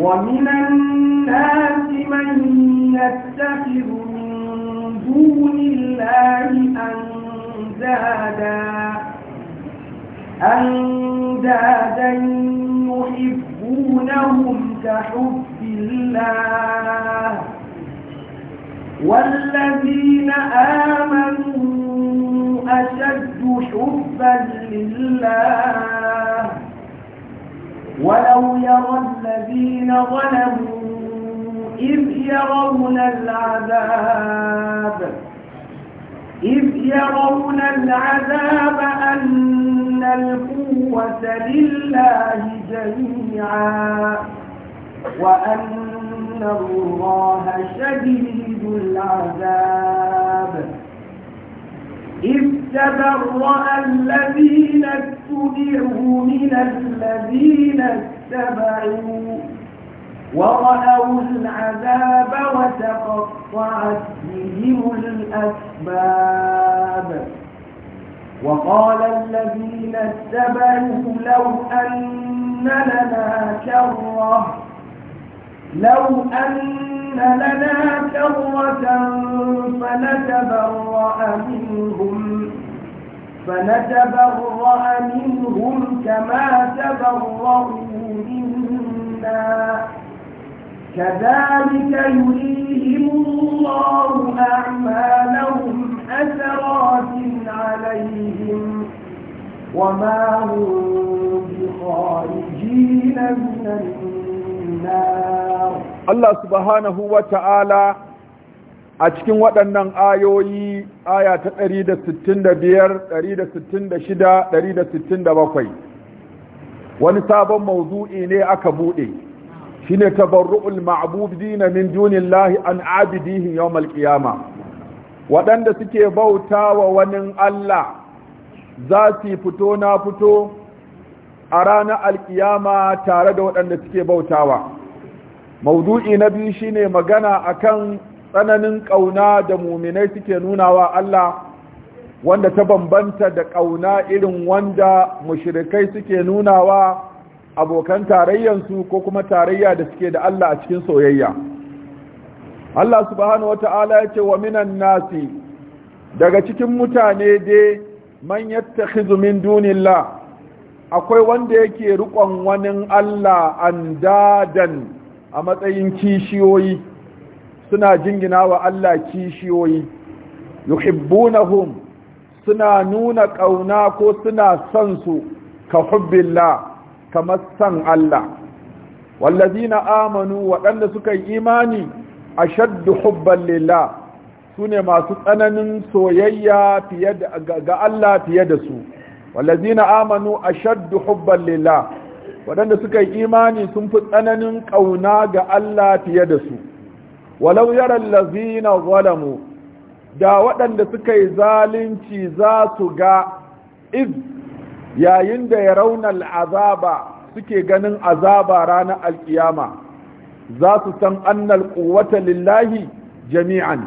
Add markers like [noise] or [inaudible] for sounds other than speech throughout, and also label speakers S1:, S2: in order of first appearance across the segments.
S1: ومن الناس من يتخذ من دون الله أندادا أندادا يحبونهم كحب الله والذين آمنوا أشد حبا لله ولو يرى الذين ظلموا إذ يرون العذاب إذ يرون العذاب أن القوة لله جميعا وأن الله شديد العذاب إذ تبرأ الذين اتبعوا من الذين اتبعوا ورأوا العذاب وتقطعت بهم الأسباب وقال الذين اتبعوا لو أن لنا كرة لو أن لنا كرة فنتبرأ منهم فنتبرأ منهم كما تبرأوا منا كذلك يريهم الله أعمالهم أثرات عليهم وما هم
S2: بخارجين
S1: من النار
S2: الله سبحانه وتعالى a cikin waɗannan ayoyi aya ta 165 166 167 wani sabon mawdu'i ne aka buɗe. bude shine tabarru'ul ma'budina min lahi an abidihin yau qiyama waɗanda suke bautawa wani Allah za su fito na fito a ranar alkiyama tare da waɗanda suke bautawa maudu'i na biyu shine magana akan tsananin ƙauna da muminai suke nuna wa Allah wanda ta bambanta da ƙauna irin wanda mushirikai suke nuna wa abokan tarayyansu ko kuma tarayya da suke da Allah a cikin soyayya Allah subhanahu wata'ala ya ce wa minan nasi daga cikin mutane dai man yattakhidhu min dunilla akwai wanda yake riƙon wani Allah an dadan a matsayin kishiyoyi suna jingina wa Allah kishiyoyi yuhibbunahum suna nuna ƙauna ko suna son su ka hubbillah kamar san Allah wallazina amanu waɗanda suka yi imani ashaddu hubban lillah sune masu tsananin soyayya fiye ga Allah fiye da su wallazina amanu ashaddu hubban lillah waɗanda suka yi imani sun fi tsananin ƙauna ga Allah fiye da su walau yara lazina Walamu, da waɗanda suka yi zalunci za su ga iz yayin da ya raunar azaba suke ganin azaba ranar alkiyama za su san annal kuwata lillahi jami'an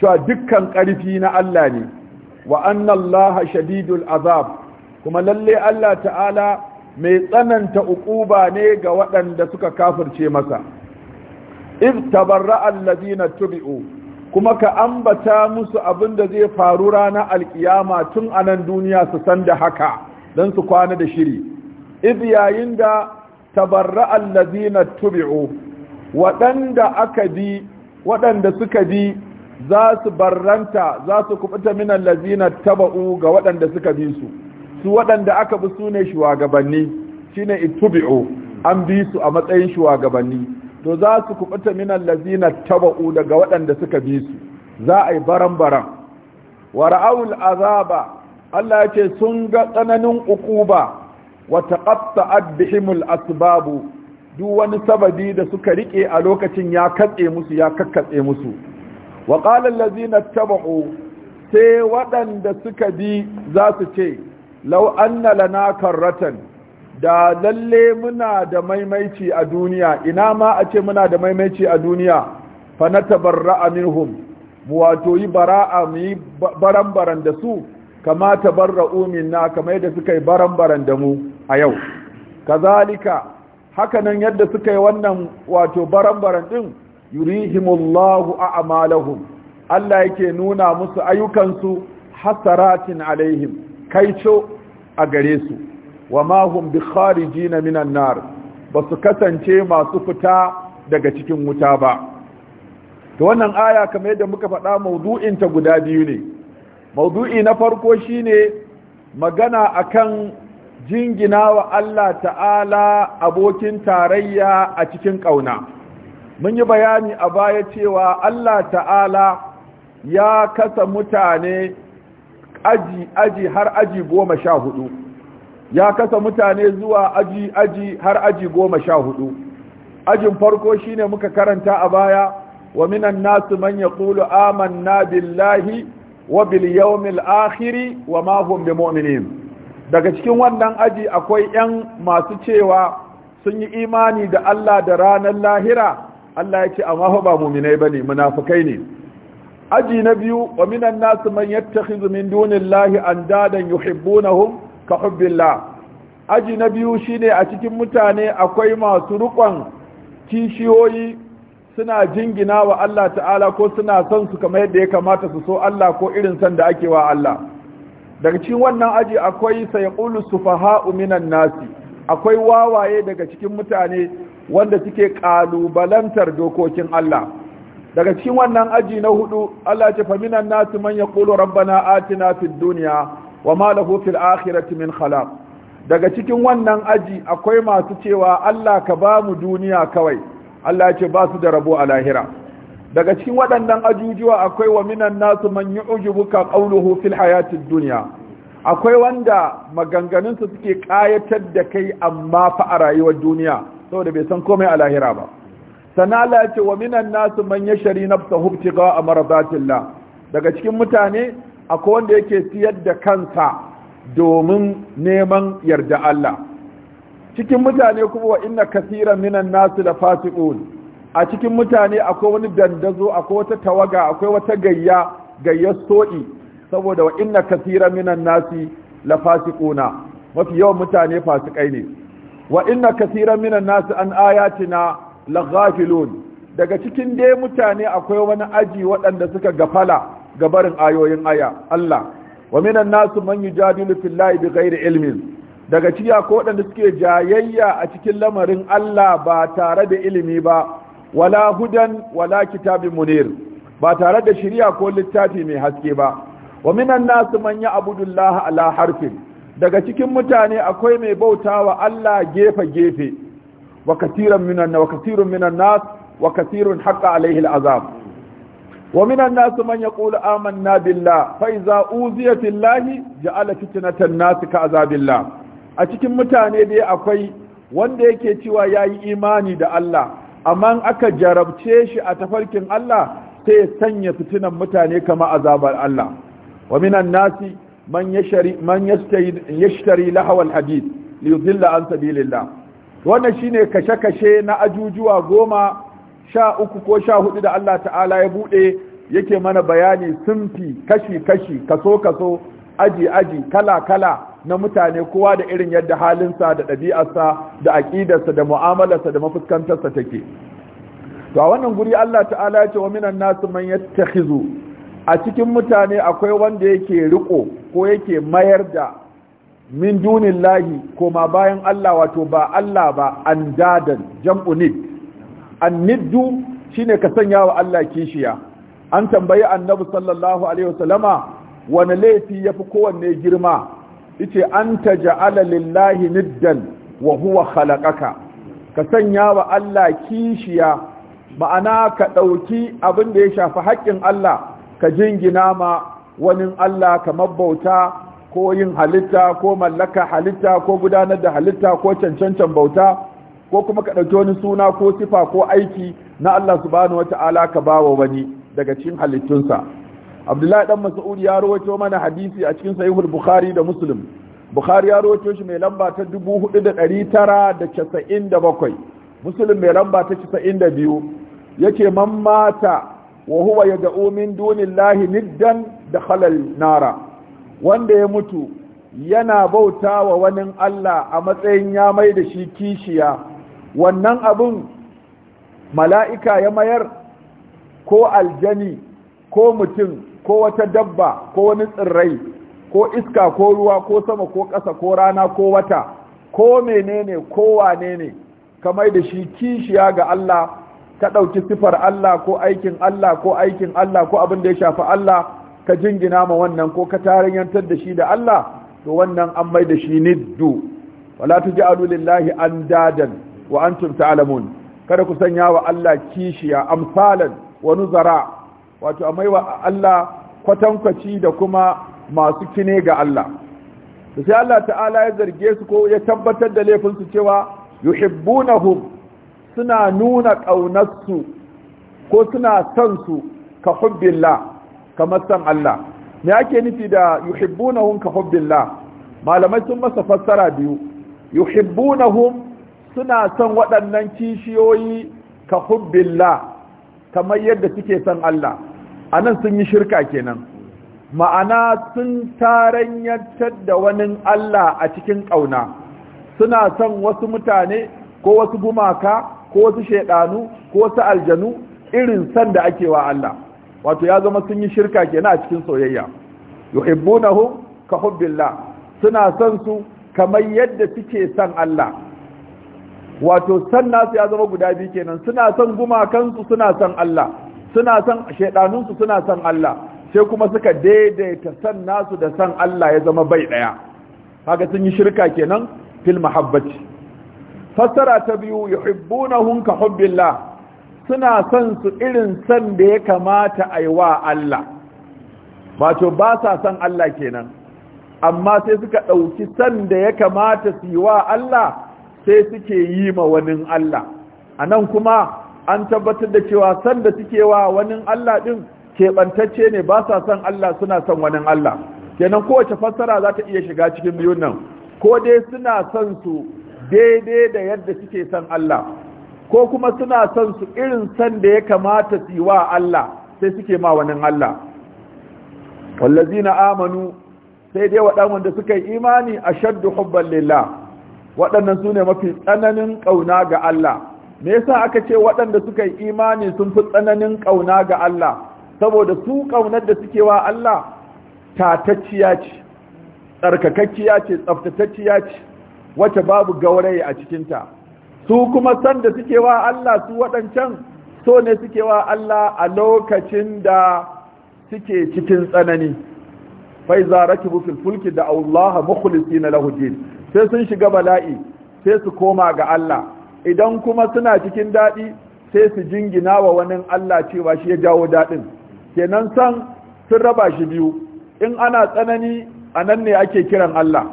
S2: cewa dukkan ƙarfi na Allah ne wa laha shadidul azab kuma lalle Allah ta'ala mai tsananta uku ne ga waɗanda suka kafirce masa iz tabarra alladina tubi'u kuma ka ambata musu abin da zai faru ranar alkiyama tun anan duniya su san da haka don su kwana da shiri iz yayin da tabarra alladina tubi'u waɗanda aka bi waɗanda suka bi za su barranta za su kubuta min allazina taba'u ga waɗanda suka bi su su waɗanda aka bi sune shugabanni shine itubi'u an bi su a matsayin shugabanni to za su kubuta min allazina taba'u daga waɗanda suka bi su za a yi baran baran wa ra'awul azaba Allah yace sun ga tsananin ukuba wa taqatta'at adbihimul asbabu duk wani sababi da suka rike a lokacin ya katse musu ya kakkatse musu wa qala allazina taba'u sai waɗanda suka bi za su ce law anna lana karratan da lalle muna da maimaici a duniya ina ma a ce muna da maimaici a duniya fa na tabarra'a minhum mu wato yi bara'a mu yi baran da su kama tabarra'u minna kamar yadda suka yi baran da mu a yau kazalika hakanan yadda suka yi wannan wato baran-baran din yurihimullahu a'malahum Allah yake nuna musu ayyukansu hasaratin alaihim kaico a gare su wa ma hum bi kharijina minan nar ba su kasance masu fita daga cikin wuta ba to wannan aya kamar yadda muka faɗa maudu'in ta guda biyu ne maudu'i na farko shine magana akan jingina wa Allah ta'ala abokin tarayya a cikin ƙauna mun yi bayani a baya cewa Allah ta'ala ya kasa mutane aji aji har aji goma sha hudu ya kasa mutane zuwa aji aji har aji goma sha hudu ajin farko shine muka karanta a baya wa minan nasu man kulu amanna billahi wa bil yawmil wa ma hum mu'minin daga cikin wannan aji akwai yan masu cewa sun yi imani da Allah da ranar lahira Allah ya ce amma ba mu'minai bane munafikai ne aji na biyu wa minan nasu man yattakhidhu min dunillahi andadan yuhibbunahum ka hubbilla aji na biyu shine a cikin mutane akwai masu rukon kishiyoyi suna jingina wa Allah ta'ala ko suna son su kamar yadda ya kamata su so Allah ko irin san da ake wa Allah daga cikin wannan aji akwai sai sayqulu sufaha'u minan nasi akwai wawaye daga cikin mutane wanda suke kalubalantar dokokin Allah daga cikin wannan aji na hudu Allah ya ce fa minan nasi man yaqulu rabbana atina fid dunya wa ma lahu fil akhirati min khalaq daga cikin wannan aji akwai masu cewa Allah ka ba mu duniya kawai Allah ya ce ba su da rabo a lahira daga cikin waɗannan ajujuwa akwai wa minan nasu man yu'jibuka qawluhu fil hayati dunya akwai wanda maganganun su suke kayatar da kai amma fa a rayuwar duniya saboda bai san komai a lahira ba sana Allah ya ce wa minan nasu man yashri nafsahu ibtigha'a maradatillah daga cikin mutane akwai wanda yake siyar da kansa domin neman yarda Allah cikin mutane kuma wa inna kasiran minan nasu la fasiqun a cikin mutane akwai wani dandazo akwai wata tawaga akwai wata gayya gayyar soɗi saboda wa inna kasiran minan nasu la fasiquna mafi yawan mutane fasikai ne wa inna kasiran minan nasu an ayatina la ghafilun daga cikin dai mutane akwai wani aji waɗanda suka gafala ga barin ayoyin aya Allah wa minan nasu man yujadilu fillahi bighairi ilmin daga ciya ko waɗanda suke jayayya a cikin lamarin Allah ba tare da ilimi ba wala hudan wala kitabin munir ba tare da shari'a ko littafi mai haske ba wa minan nasu man ya'budullaha ala harfin daga cikin mutane akwai mai bautawa Allah gefe gefe wa katiran minan wa katirun minan nas wa katirun haqqa alaihi al'azab ومن الناس manya يقول آمنا بالله فإذا أوذي في الله جعل فتنة الناس كعذاب الله أتكلم متاني دي أكوي wanda yake cewa ya yi imani da Allah amma aka jarabce shi a tafarkin Allah sai ya sanya fitinan mutane kama azabar Allah wa minan nasi man yashari man yashtari lahawal hadith li yudilla an wannan shine kashe-kashe na ajujuwa goma sha uku ko sha hudu da Allah ta'ala ya buɗe yake mana bayani sunfi kashi-kashi kaso-kaso aji-aji kala-kala na mutane kowa da irin yadda halinsa da ɗabi'arsa da aƙidarsa da mu'amalarsa da mafuskantarsa take to a wannan guri Allah ta'ala ya ce wa minan nasu man yattakhizu a cikin mutane akwai wanda yake riko ko yake mayar da min dunillahi koma bayan Allah wato ba Allah ba andadan jam'unid jam'unit. anniddu shine ka sanya wa Allah kishiya an tambayi annabi sallallahu alaihi wasallama wani laifi yafi kowanne girma yace an ja'ala lillahi niddan wa huwa khalaqaka ka sanya wa Allah kishiya ma'ana ka dauki abin da ya shafi haƙƙin Allah ka jingina ma wani Allah kamar bauta ko yin halitta ko mallaka halitta ko gudanar da halitta ko cancancan bauta ko kuma ka ɗauki wani suna ko sifa ko aiki na Allah subhanahu wata'ala ka ba wa wani daga cikin halittunsa Abdullahi dan Mas'ud ya rawaito mana hadisi a cikin Sahihul Bukhari da Muslim Bukhari ya rawaito shi mai lamba ta da 4997 Muslim mai lamba ta 92 yace man mata wa huwa yad'u min dunillahi niddan dakhala nara wanda ya mutu yana bauta wa wani Allah a matsayin ya mai da shi kishiya wannan abin mala'ika ya mayar ko aljani ko mutum ko wata dabba ko wani tsirrai ko iska ko ruwa ko sama ko ƙasa ko rana ko wata ko menene ko wane ne kamar da shi kishiya ga Allah ka ɗauki sifar Allah ko aikin Allah ko aikin Allah ko abin da ya shafi Allah ka jingina ma wannan ko ka tarayyantar da shi da Allah to wannan an mai da shi niddu wala tuj'alu lillahi andadan wa antum ta'lamun kada ku sanya wa Allah kishiya amsalan wa nuzara wato amai wa Allah kwatankwaci da kuma masu kine ga Allah to sai Allah ta'ala ya zarge su ko ya tabbatar da laifin su cewa yuhibbunahum suna nuna ƙaunarsu ko suna son su ka hubbillah kamar san Allah me ake nufi da yuhibbunahum ka hubbillah malamai sun masa fassara biyu yuhibbunahum suna son waɗannan kishiyoyi ka hubbillah kamar yadda suke son Allah a nan sun yi shirka kenan ma'ana sun taranyantar da wani Allah a cikin ƙauna suna son wasu mutane ko wasu gumaka ko wasu shaidanu ko wasu aljanu irin son da ake wa Allah wato ya zama sun yi shirka kenan a cikin soyayya yuhibbunahu ka hubbillah suna son su kamar yadda suke son Allah wato san nasu ya zama guda biyu kenan suna son gumakansu suna son Allah suna son shaidanunsu suna son Allah sai kuma suka daidaita san nasu da san Allah ya zama bai daya haka sun yi shirka kenan fil mahabbati fassara ta biyu yuhibbunahum ka hubbillah suna son su irin san da ya kamata a wa Allah wato ba sa san Allah kenan amma sai suka dauki san da ya kamata su yi wa Allah sai suke yi ma wani Allah a nan kuma an tabbatar da cewa sanda suke wa wani Allah ɗin keɓantacce ne ba sa son Allah suna son wani Allah kenan kowace fassara za ta iya shiga cikin biyun nan ko dai suna son su daidai da yadda suke son Allah ko kuma suna son su irin son da ya kamata su yi wa Allah sai suke ma wani Allah wallazina amanu sai dai waɗanda suka yi imani ashaddu hubban lillah waɗannan su ne mafi tsananin ƙauna ga Allah me yasa aka ce waɗanda suka yi imani sun fi tsananin ƙauna ga Allah saboda su ƙaunar da suke wa Allah tatacciya ce tsarkakakkiya ce tsaftatacciya ce wacce babu gauraye a cikinta su kuma san da suke wa Allah su waɗancan so ne suke wa Allah a lokacin da suke cikin tsanani fai za rakibu fil fulki da Allah mukhlisina lahu din sai sun shiga bala'i sai su koma ga Allah idan kuma suna cikin daɗi sai su jingina wa wani Allah cewa shi ya jawo daɗin kenan san sun raba shi biyu in ana tsanani a nan ne ake kiran Allah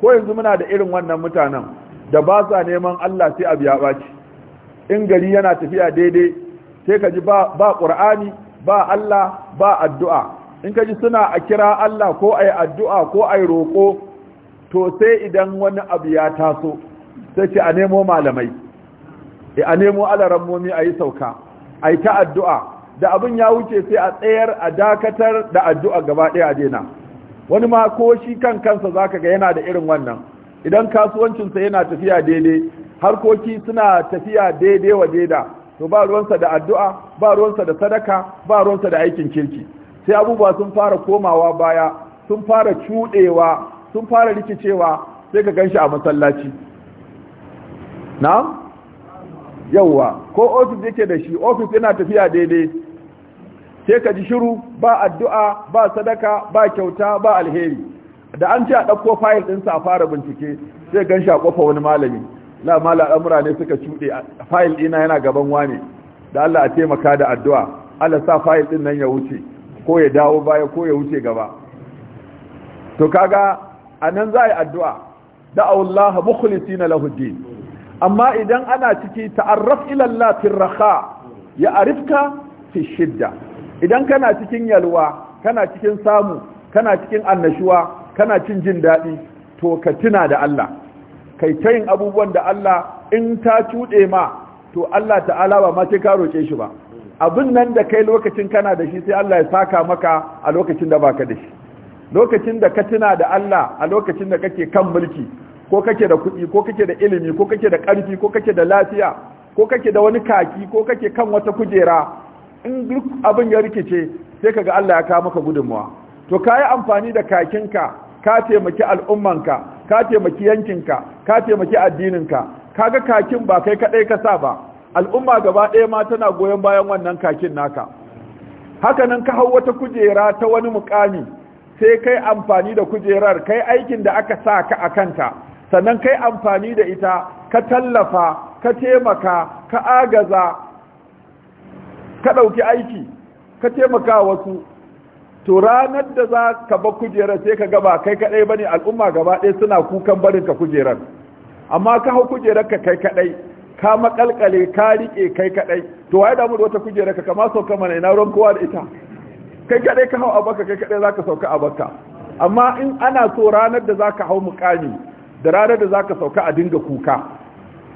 S2: ko yanzu muna da irin wannan mutanen da ba sa neman Allah sai abu ya ɓaci in gari yana tafiya daidai sai ka ji ba ƙur'ani ba Allah ba addu'a in kaji suna a kira Allah ko ayi yi addu'a ko ayi roko. to sai idan wani abu ya taso sai ce a nemo malamai e, a nemo alarammomi a yi sauka a yi ta da abin ya wuce sai a tsayar a dakatar da addu'a gaba ɗaya a dena wani ma ko shi kan kansa za ka ga yana da irin wannan idan kasuwancinsa yana tafiya daidai harkoki suna tafiya daidai wa daida to ba ruwansa da addu'a ba ruwansa da sadaka ba ruwansa da aikin kirki sai abubuwa sun fara komawa baya sun fara cuɗewa sun fara rike cewa sai ka ganshi a masallaci na yauwa ko ofis yake da shi ofis yana tafiya daidai sai ka ji shiru ba addu'a ba sadaka ba kyauta ba alheri da an ce a ɗauko fayil ɗinsa a fara bincike sai ganshi a ƙofa wani malami la mala al'amura ne suka cuɗe fayil ɗina yana gaban ne da Allah a taimaka da addu'a Allah sa fayil ɗin nan ya wuce ko ya dawo baya ko ya wuce gaba to kaga anan za a yi addu'a da Allah mukhlisina na din amma idan ana ciki ta'arraf ila Allah ya arifka fi shidda idan kana cikin yalwa kana cikin samu kana cikin annashuwa kana cin jin daɗi to ka tuna da Allah kai ta yin abubuwan da Allah in ta cuɗe ma to Allah ta'ala ba ma ka roƙe shi ba abin nan da kai lokacin kana da shi sai Allah ya saka maka a lokacin da baka da shi lokacin da ka tuna da Allah a lokacin da kake kan mulki ko kake da kuɗi ko kake da ilimi ko kake da ƙarfi ko kake da lafiya ko kake da wani kaki ko kake kan wata kujera in duk abin ya rikice sai kaga Allah ya kawo maka gudunmawa to ka yi amfani da kakinka ka taimaki al'ummanka ka taimaki yankinka ka taimaki addininka kaga kakin ba kai kaɗai ka sa ba al'umma gaba ɗaya ma tana goyon bayan wannan kakin naka haka nan ka hau wata kujera ta wani mukami sai kai amfani da kujerar kai aikin da aka sa ka a kanta sannan kai amfani da ita ka tallafa ka taimaka ka agaza ka ɗauki aiki ka taimaka wasu to ranar da za ka ba kujerar sai ka gaba kai kaɗai ba ne al'umma gaba ɗaya suna kukan barin ka kujerar amma ka hau kujerar ka kai kaɗai ka makalkale ka riƙe kai kaɗai to waye damu da wata kujerar ka kama sauka mana ina ruwan kowa da ita kai kadai ka hau a baka kai za ka sauka a amma in ana so ranar da zaka hau mukami da ranar da za ka sauka a dinga kuka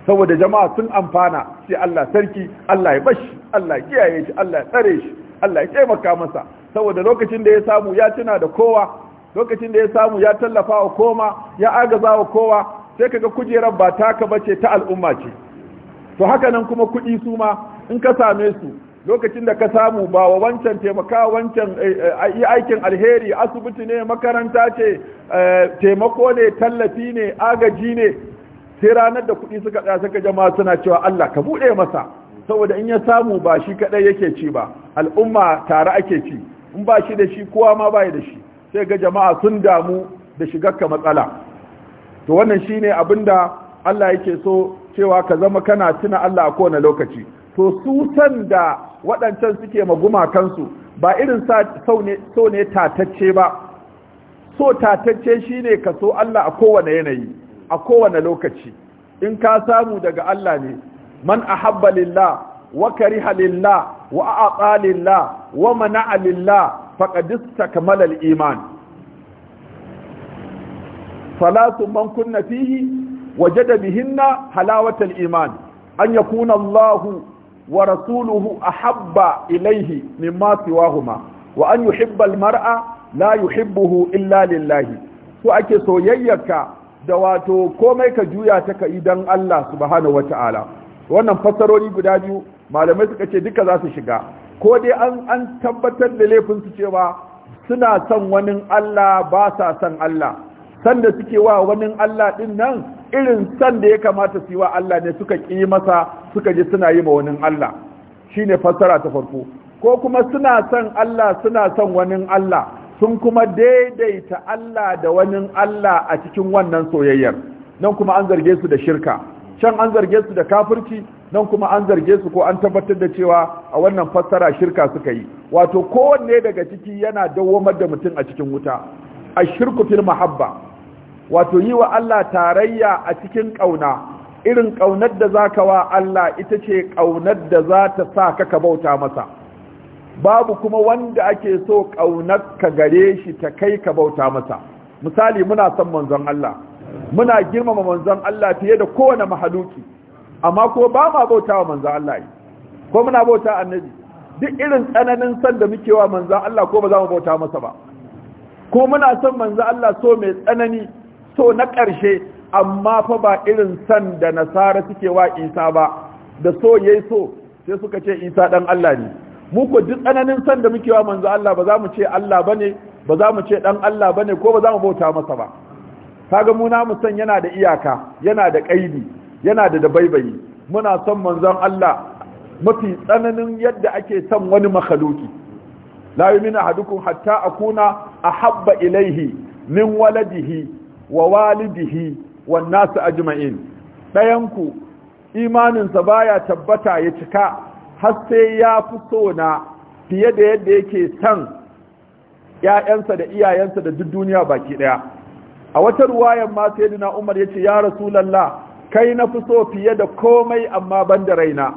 S2: saboda jama'a sun amfana sai Allah sarki Allah ya bashi Allah ya kiyaye shi Allah ya tsare shi Allah ya taimaka masa saboda lokacin da ya samu ya tuna da kowa lokacin da ya samu ya tallafa wa koma ya agaza wa kowa sai kaga kujerar ba taka bace ta al'umma ce to haka nan kuma kuɗi su ma in ka same su lokacin da ka samu ba wa wancan taimaka wancan yi eh, eh, aikin alheri asibiti ne makaranta ce eh, taimako ne tallafi ne agaji ne sai ranar da kuɗi suka tsaya suka jama'a suna cewa Allah ka buɗe masa saboda in ya samu ba shi kaɗai yake ci ba al'umma tare ake ci in ba shi da shi kowa ma ba da shi sai ga jama'a sun damu da ka matsala to wannan shi shine da Allah yake so cewa ka zama kana tuna Allah a kowane lokaci to su san da waɗancan suke ma gumakansu ba irin so ne tatacce ba so tatacce shine ka so Allah a kowane yanayi a kowane lokaci in ka samu daga Allah ne man ahabba lillah wa kariha lillah wa aqa lillah wa mana'a lillah faqad istakmala al-iman salatu man kunna fihi wajada bihinna halawatal iman an yakuna Allahu wa rasuluhu ahabba ilaihi mimma siwahuma wa an yuhibba almar'a la yuhibbuhu illa lillahi so ake soyayyarka da wato komai ka juya ta ka idan Allah subhanahu wata'ala wannan fasarori guda biyu malamai suka ce duka za su shiga ko dai an an tabbatar da laifin su cewa suna son wani Allah ba sa son Allah sanda suke wa wani Allah din nan irin san da ya kamata su yi wa Allah ne suka ƙi masa suka ji suna yi wa Allah Allah ne fassara ta farko ko kuma suna son Allah suna son wani Allah sun kuma daidaita Allah da wani Allah a cikin wannan soyayyar nan kuma an zarge su da shirka can an zarge su da kafirci nan kuma an zarge su ko an tabbatar da cewa a wannan fassara shirka suka yi wato kowanne daga ciki yana dawwamar da mutum a cikin wuta a shirku fil mahabba wato yi wa Allah tarayya a cikin ƙauna irin ƙaunar da za ka wa Allah ita ce ƙaunar da za ta sa ka ka bauta masa babu kuma wanda ake so ƙaunar ka gare shi ta kai ka bauta masa misali muna son manzon Allah muna girmama manzon Allah fiye da kowane mahaluki amma ko ba ma bauta wa manzon Allah ko muna bauta annabi duk irin tsananin san da muke wa manzon Allah ko ba za mu bauta masa ba ko muna son manzon Allah so mai tsanani so na ƙarshe amma fa ba irin san da nasara suke wa isa ba da so ya so sai suka ce isa ɗan allah ne mu ko duk tsananin san da muke wa manzo allah ba za mu ce allah ba ne ba za mu ce ɗan allah ba ne ko ba za mu bauta masa ba kaga mu na san yana da iyaka yana da ƙaidi yana da dabaibayi muna son manzon allah mafi tsananin yadda ake son wani makhaluki la yumina ahadukum hatta akuna ahabba ilaihi min waladihi wa walidihi wan nasu ajma'in ɗayanku imaninsa baya tabbata ya cika har sai ya fi so na fiye da yadda yake san ‘ya'yansa da iyayensa da duk duniya baki ɗaya a wata ruwayan ma sai umar ya ce ya rasulallah kai na fi so fiye da komai amma ban da raina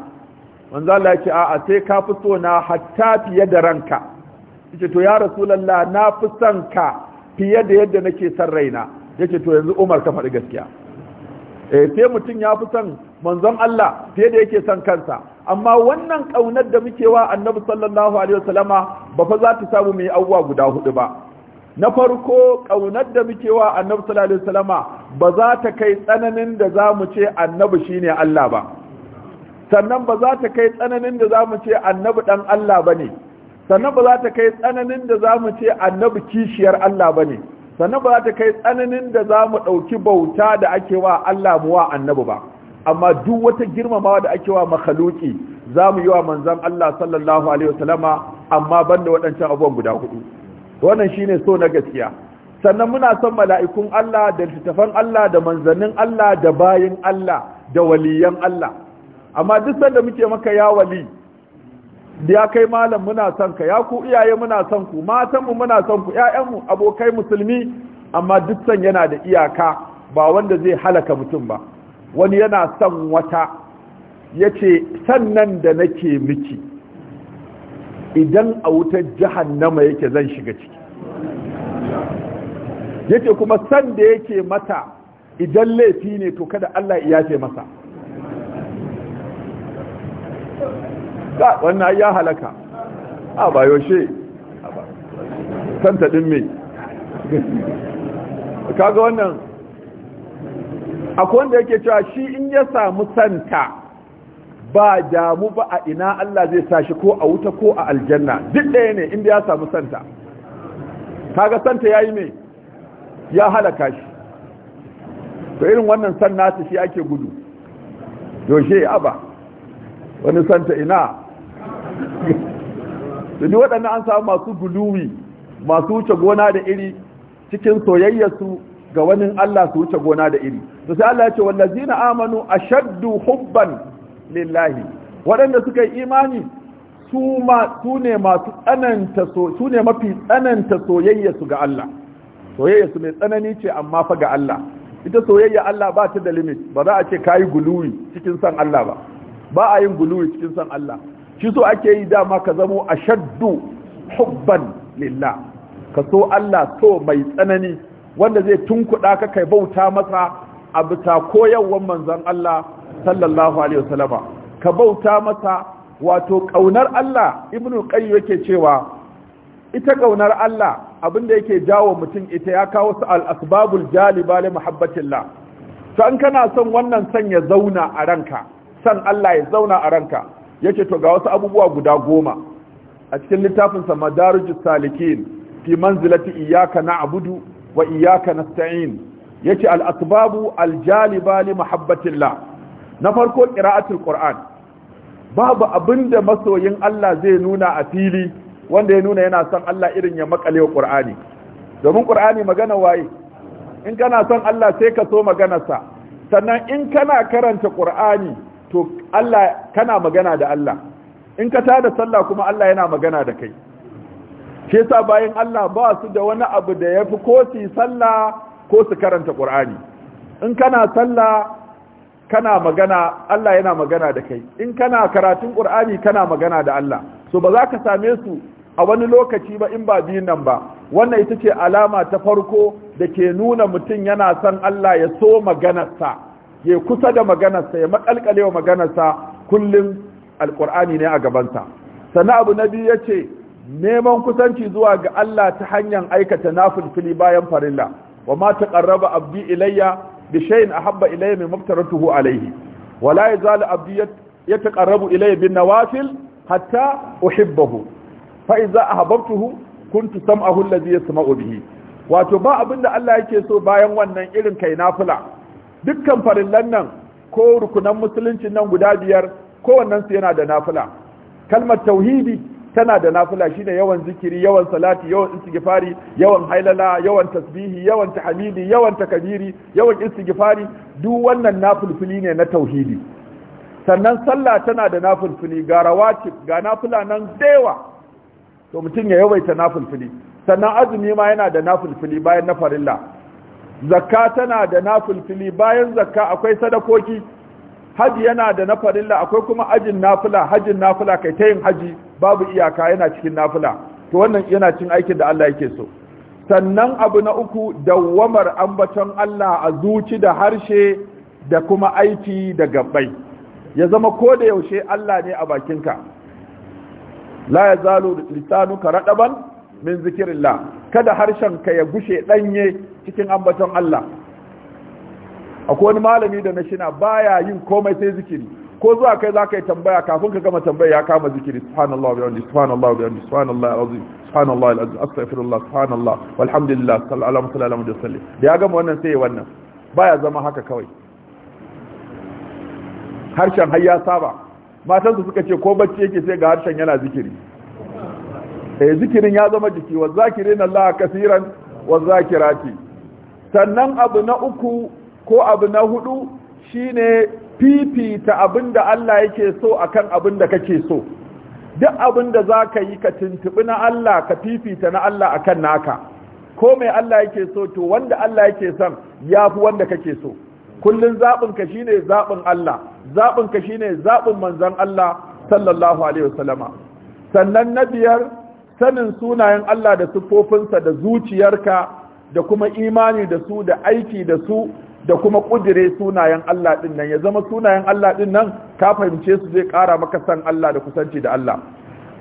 S2: manzo Allah ce a'a sai ka fi so na hatta fiye da ranka yace to ya rasulallah na fi son ka fiye da yadda nake son raina yake to yanzu Umar ta faɗi gaskiya e sai mutum ya fi son manzon Allah fiye da yake son kansa amma wannan kaunar da muke wa Annabi sallallahu alaihi wasallama ba fa za ta samu mai abubuwa guda hudu ba na farko ƙaunar da muke wa Annabi sallallahu alaihi wasallama ba za ta kai tsananin da za mu ce Annabi shine Allah ba sannan ba za ta kai tsananin da za mu ce Annabi dan Allah ba ne, sannan ba za ta kai tsananin da za mu ce Annabi kishiyar Allah ba ne. sannan ba za ta kai tsananin da za mu ɗauki bauta da ake wa Allah mu wa annabi ba amma duk wata girmamawa da ake wa makhaluki za mu yi wa manzan Allah sallallahu alaihi wasallama amma banda waɗancan abubuwan guda hudu wannan shine so na gaskiya sannan muna son mala'ikun Allah da littattafan Allah da manzanin Allah da bayin Allah da waliyan Allah amma duk sanda muke maka ya wali ya kai malam muna son ka ya ku iyaye muna son ku matan mu muna son ku ƴaƴan mu abokai musulmi amma duk san yana da iyaka ba wanda zai halaka mutum ba wani yana son wata yace sannan da nake miki idan a wutar jahannama yake zan shiga ciki yace kuma san da yake mata idan laifi ne to kada Allah ya yafe masa ka wannan ya halaka a ba yaushe santa din me [laughs] kaga wannan akwai wanda yake cewa shi in ya samu santa ba damu ba a ina Allah zai tashi ko a wuta ko a aljanna duk ɗaya ne inda ya samu santa kaga santa yayi me ya halaka shi to irin wannan san nasu shi ake gudu yaushe aba wani santa ina da duk waɗannan an samu masu guluwi masu wuce gona da iri cikin soyayyarsu ga wani Allah su wuce gona da iri to sai Allah ya ce wallazina amanu ashaddu hubban lillahi waɗanda suka yi imani su ma su ne masu tsananta so su ne mafi tsananta soyayyarsu ga Allah soyayyarsu mai tsanani ce amma fa ga Allah ita soyayya Allah ba ta da limit ba za a ce kayi guluwi cikin san Allah ba ba a yin guluwi cikin san Allah shi so ake yi dama ka zamo a shaddu hubban lillah ka so Allah so mai tsanani wanda zai tunkuɗa ka kai bauta masa a bisa koyarwar manzon Allah sallallahu alaihi wasallama ka bauta masa wato ƙaunar Allah ibnu qayyim yake cewa ita ƙaunar Allah abinda yake jawo mutum ita ya kawo su al'asbabul asbabul jaliba li muhabbatillah to an kana son wannan son ya zauna a ranka san Allah ya zauna a ranka yace to ga wasu abubuwa guda goma a cikin littafin sa madarijus salikin fi manzilati iyyaka na'budu wa iyyaka nasta'in yace al asbabu al jaliba li mahabbatillah na farko qira'atul qur'an babu abinda masoyin Allah zai nuna a fili wanda ya nuna yana son Allah irin ya makale wa qur'ani domin qur'ani magana waye in kana son Allah sai ka so maganarsa sannan in kana karanta qur'ani to Allah kana magana da Allah in ka tada sallah kuma Allah yana magana da kai shi yasa bayan Allah ba su da wani abu da yafi ko su sallah ko su karanta Qur'ani in kana sallah kana magana Allah yana magana da kai in kana karatun Qur'ani kana magana da Allah so ba za ka same su a wani lokaci ba in ba biyun nan ba wannan ita ce alama ta farko da ke nuna mutum yana son Allah ya so sa. ya kusa da maganarsa ya makalkale wa maganarsa kullum alkur'ani ne a gabansa sannan abu na biyu ya ce neman kusanci zuwa ga Allah ta hanyar aikata nafilfili bayan farilla wa ma taqarraba abdi ilayya bi shay'in ahabba ilayya min maftaratuhu alayhi wa la yazalu abdi yataqarrabu ilayya bin nawafil hatta uhibbahu fa idza ahabbtuhu kuntu sam'ahu alladhi yasma'u bihi wato ba abinda Allah yake so bayan wannan irin kai nafila dukkan farillan nan ko rukunan musulunci nan guda biyar kowannen su yana da nafila kalmar tauhidi tana da nafila shine yawan zikiri yawan salati yawan istighfari yawan hailala yawan tasbihi yawan tahmidi yawan takabiri yawan istighfari duk wannan nafilfili ne na tauhidi sannan sallah tana da nafilfili ga rawatib ga nafila nan dewa to mutum ya yawaita nafilfili sannan azumi ma yana da nafilfili bayan na farilla zakka tana da nafilfili bayan zakka akwai sadakoki haji yana da na farilla akwai kuma ajin nafila hajin nafula kai ta yin haji babu iyaka yana cikin nafula. to wannan yana cin aikin da Allah yake so sannan abu na uku dawwamar ambaton Allah a zuci da harshe da kuma aiki da gabbai ya zama ko da yaushe Allah ne a bakinka la yazalu lisanuka radaban min zikrillah kada harshen ka ya gushe danye cikin ambaton Allah akwai wani malami da na shina baya yin komai sai zikiri ko zuwa kai za ka yi tambaya kafin ka gama tambaya ya kama zikiri subhanallah wa bihamdihi subhanallah wa bihamdihi subhanallah alazim subhanallah alazim astaghfirullah subhanallah walhamdulillah sallallahu alaihi wa sallam da ya gama wannan sai wannan baya zama haka kawai harshen har ya saba matan su suka ce ko bacci yake sai ga harshen yana zikiri eh zikirin ya zama jiki wa zakirin Allah kaseeran wa zakirati sannan abu na uku ko abu na hudu shine fifita abin da Allah yake so akan abin da kake so duk abin da za yi ka tuntuɓi na Allah ka fifita na Allah akan naka ko mai Allah yake so to wanda Allah yake son yafi wanda kake so kullum ka shine zaɓin Allah ka shine zaɓin manzon Allah sallallahu alaihi wasallama sannan na biyar sanin sunayen Allah da siffofinsa da zuciyarka da kuma imani da su da aiki da su da kuma ƙudire sunayen Allah ɗin nan ya zama sunayen Allah ɗin nan ka fahimce su zai kara maka san Allah da kusanci da Allah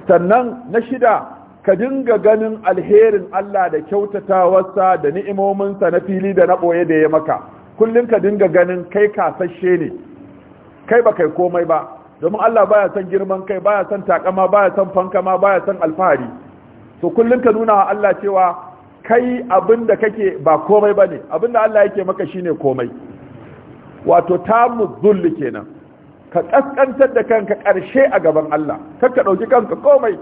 S2: sannan na shida ka dinga ganin alherin Allah da kyautatawarsa da ni'imominsa na fili da na ɓoye da ya maka kullum ka dinga ganin kai kasashe ne kai ba kai komai ba domin Allah baya son girman kai baya son takama baya son fankama baya san alfahari to kullum ka nuna wa Allah cewa kai abin da kake ba komai ba ne abin da Allah yake maka shine komai wato tamu zulli kenan ka ƙasƙantar da kanka ƙarshe a gaban Allah kakka ɗauki kanka komai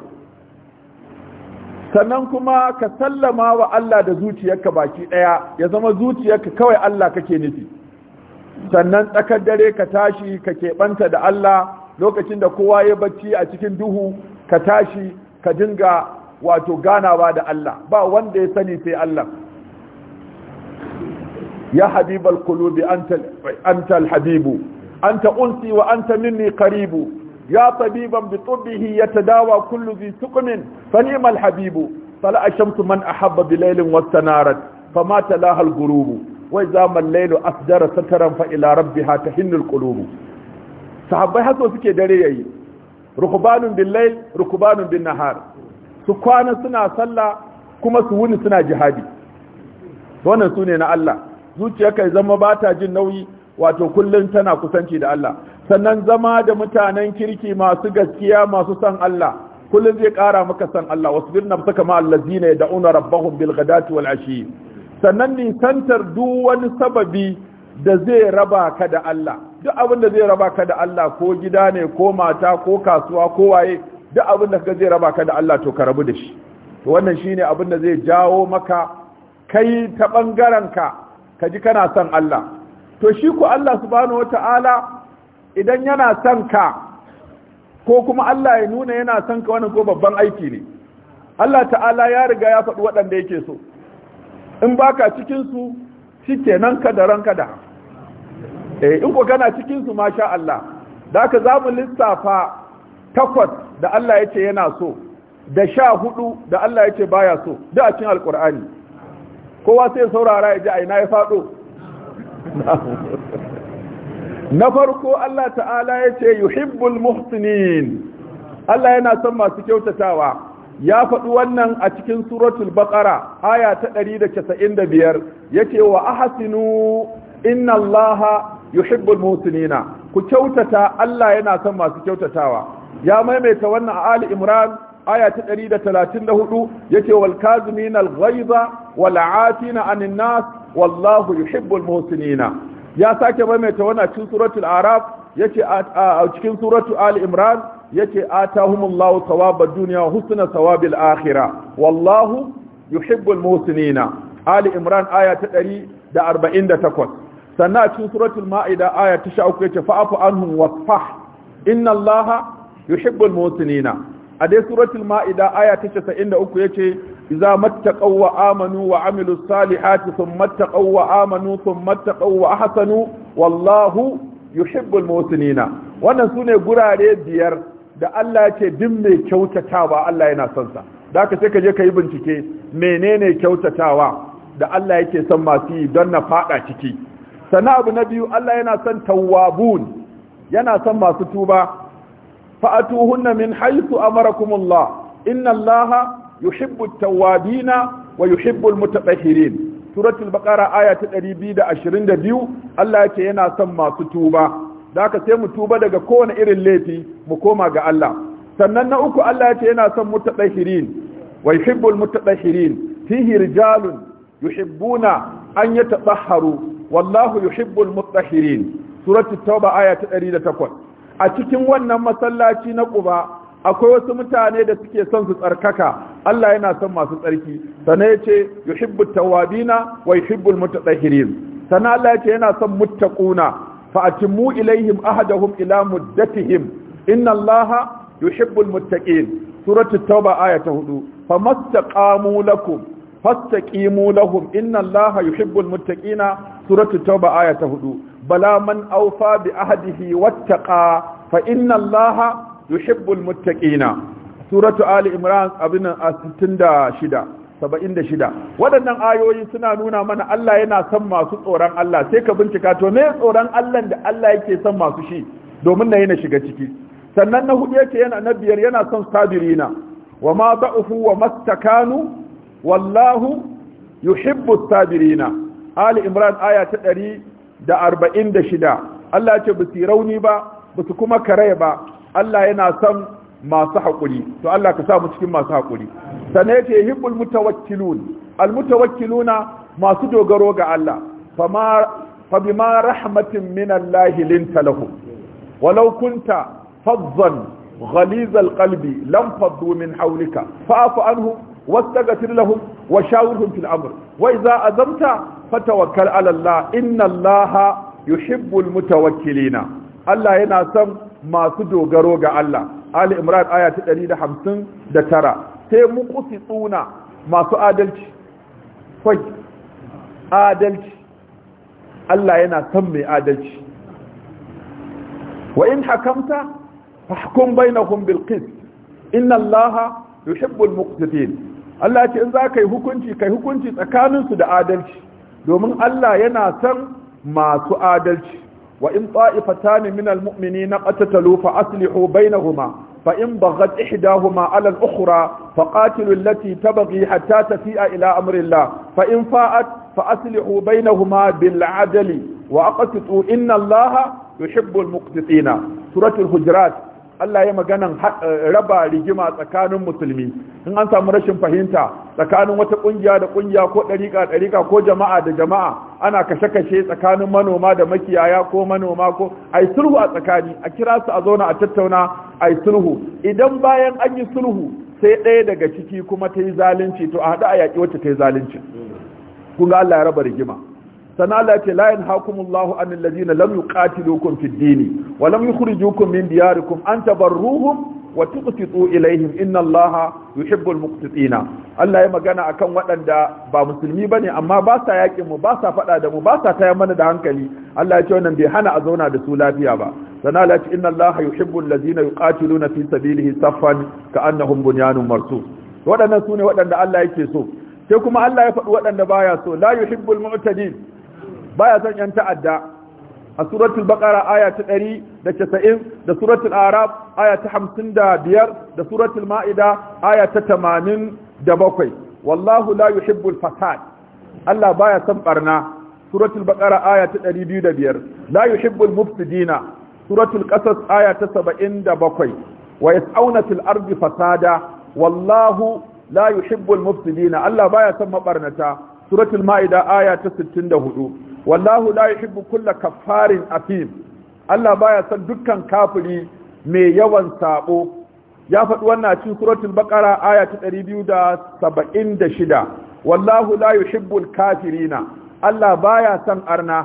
S2: sannan kuma ka sallama wa Allah da zuciyarka baki ɗaya ya zama zuciyarka kawai Allah kake nufi sannan tsakar dare ka tashi ka keɓanta da Allah lokacin da kowa ya bacci a cikin duhu ka tashi ka dinga wato ganawa da Allah ba wanda ya sani sai Allah ya habibal qulubi anta anta alhabibu anta unsi wa anta minni qaribu ya tabiban bi tubbihi yatadawa kullu dhi suqmin fanimal habibu fala ashamtu man ahabba bi laylin wastanarat fama talaha alghurubu wa idza man laylu asdara sataran fa ila rabbiha tahinnul qulubu sahabbai haso suke dare yayi rukbanun bil layl rukbanun bin nahar su kwana suna sallah kuma su wuni suna jihadi wannan su na Allah Zuciya kai zama ba ta jin nauyi wato kullum tana kusanci da Allah sannan zama da mutanen kirki masu gaskiya masu san Allah kullum zai ƙara maka san Allah wasbir nafsaka ma allazina yad'una rabbahum bil ghadati wal ashi sannan nisantar duk wani sababi da zai raba ka da Allah duk abin da zai raba ka da Allah ko gida ne ko mata ko kasuwa ko waye duk abin da zai raba ka da Allah to ka rabu da shi to wannan shine abin da zai jawo maka kai ta bangaren ka ka ji kana son Allah to shi ku Allah subhanahu wataala idan yana son ka ko kuma Allah ya nuna yana son ka wannan ko babban aiki ne Allah ta'ala ya riga ya faɗi waɗanda yake so in baka cikin su nan ka da ranka da eh in ko kana cikin su masha Allah da ka zamu lissafa takwas da Allah ya ce yana so da sha hudu da Allah ya ce baya so da a cikin alkur'ani kowa sai saurara ya ji a ina ya faɗo na farko Allah ta'ala ya ce yuhibbul muhsinin Allah yana son masu kyautatawa ya faɗi wannan a cikin suratul baqara aya ta ɗari da da casa'in 195 yace wa ahsinu inna allaha yuhibbul muhsinina ku kyautata Allah yana son masu kyautatawa ya maimaita wannan a ali imran aya ta 134 yace wal kazimin al ghaiza wal aafina anin nas wallahu yuhibbul muhsinina ya sake maimaita wannan cikin suratul araf yace a cikin suratul ali imran yace atahumullahu thawabad dunya wa husna thawabil akhirah wallahu yuhibbul muhsinina ali imran aya ta 148 sannan cikin suratul ma'ida aya ta 13 yace fa'fu anhum wasfah inna allaha yuhibbul muhsinina a dai suratul ma'ida aya ta 93 yace idza mattaqaw wa amanu wa amilus salihati thumma mattaqaw wa amanu thumma mattaqaw wa ahsanu wallahu yuhibbul muhsinina wannan sune gurare biyar da Allah yake din mai kyautatawa Allah yana son sa da ka sai ka je ka yi bincike menene kyautatawa da Allah yake son masu yi don na fada ciki sana abu na biyu Allah yana son tawwabun yana son masu tuba fa'atuhunna min a amarakumullah inna allaha yuhibbu at-tawwabina wa yuhibbu al-mutatahhirin suratul baqara aya ta 222 Allah yake yana son masu tuba daka sai mu tuba daga kowane irin laifi mu koma ga Allah sannan na uku Allah yake yana son mutatahhirin wa yuhibbu al-mutatahhirin fihi rijalun yuhibbuna an yatahharu wallahu yuhibbu al-mutatahhirin suratul tauba ɗari da 108 a cikin wannan masallaci na ƙuba, akwai wasu mutane da suke son su tsarkaka Allah yana son masu tsarki sana yace yuhibbu tawabina wa yuhibbul mutatahhirin sana Allah ce yana son muttaquna fa atimmu ilaihim ahadahum ila muddatihim inna Allaha yuhibbul muttaqin suratul tauba aya ta 4 famastaqamu lakum fastaqimu lahum inna Allaha yuhibbul muttaqina suratul tauba aya ta 4 bala man aufa bi ahdihi wattaqa fa inna allaha yuhibbul muttaqina suratu ali imran abin 66 76 waɗannan ayoyi suna nuna mana Allah yana son masu tsoron Allah sai ka bincika to me tsoron Allah da Allah yake son masu shi domin na yi na shiga ciki sannan na hudu yake yana na biyar yana son sabirina wa ma da'ufu wa mastakanu wallahu yuhibbu sabirina ali imran aya ta ɗari da arba'in da shida Allah ce ba su rauni ba ba su kuma karaya ba Allah yana son masu haƙuri to Allah ka sa mu cikin masu haƙuri sana ya ce hibbul mutawakkilun almutawakkiluna masu dogaro ga Allah fa bima rahmatin min Allah linta lahum walau kunta faddan ghaliz alqalbi lam faddu min hawlika fa'fu anhum واستغفر لهم وشاورهم في الأمر وإذا أذمت فتوكل على الله إن الله يحب المتوكلين الله يناسم ما سدو غروغ الله آل إمران آية تدريد حمسن دترى سيمو قسطون ما سؤادلش فج آدلش الله يناسم آدلش وإن حكمت فاحكم بينهم بالقسط إن الله يحب المقسطين Allah ce in za ka yi hukunci kai hukunci tsakaninsu da adalci domin Allah yana san masu adalci wa in ta'ifatan min na qatatalu fa aslihu bainahuma fa in baghat ihdahuma 'ala al-ukhra fa qatilu allati tabghi hatta tafi'a ila amri Allah fa in fa'at fa aslihu bainahuma bil 'adli wa aqsitu inna Allah yuhibbul muqsitina suratul hujurat Allah ya maganan eh, raba rigima tsakanin musulmi in an samu rashin fahimta tsakanin wata kungiya da kungiya ko dariƙa dariƙa ko jama'a da jama'a ana kashe-kashe tsakanin manoma da makiyaya ko manoma ko ai sulhu a tsakani a kira su a zauna a tattauna ai sulhu idan bayan an yi sulhu sai ɗaya daga ciki kuma ta yi zalunci to a haɗu a yaƙi wacce ta yi zalunci kun ga Allah ya raba rigima sana Allah ce la yanhaakumullahu anil ladina lam yuqatilukum fid dini wa lam yukhrijukum min diyarikum an tabarruhum wa tuqtitu ilaihim inna allaha yuhibbul muqtitina Allah ya magana akan waɗanda ba musulmi ne amma ba sa yakin mu ba sa faɗa da mu ba sa tayar mana da hankali Allah ya ce wannan bai hana a zauna da su lafiya ba sana Allah ya ce inna allaha yuhibbul ladina yuqatiluna fi sabilihi saffan ka'annahum bunyanun marsus waɗannan sune waɗanda Allah yake so sai kuma Allah ya faɗi waɗanda baya so la yuhibbul mu'tadin baya son yan ta'adda a suratul baqara aya ta 190 da suratul araf aya ta 55 da suratul maida aya ta 87 wallahu la yuhibbul fasad Allah baya son barna suratul baqara aya ta biyar. la yuhibbul mufsidina suratul qasas aya ta 77 wa yas'auna ardi fasada wallahu la yuhibbul mufsidina Allah baya son mabarnata suratul ma'ida aya ta 64 wallahu la yuhibbu kulla kaffarin afim Allah baya son dukkan kafiri mai yawan saɓo, ya faɗi wannan a cikin suratul baqara aya ta 276 wallahu la yuhibbul kafirina Allah baya son arna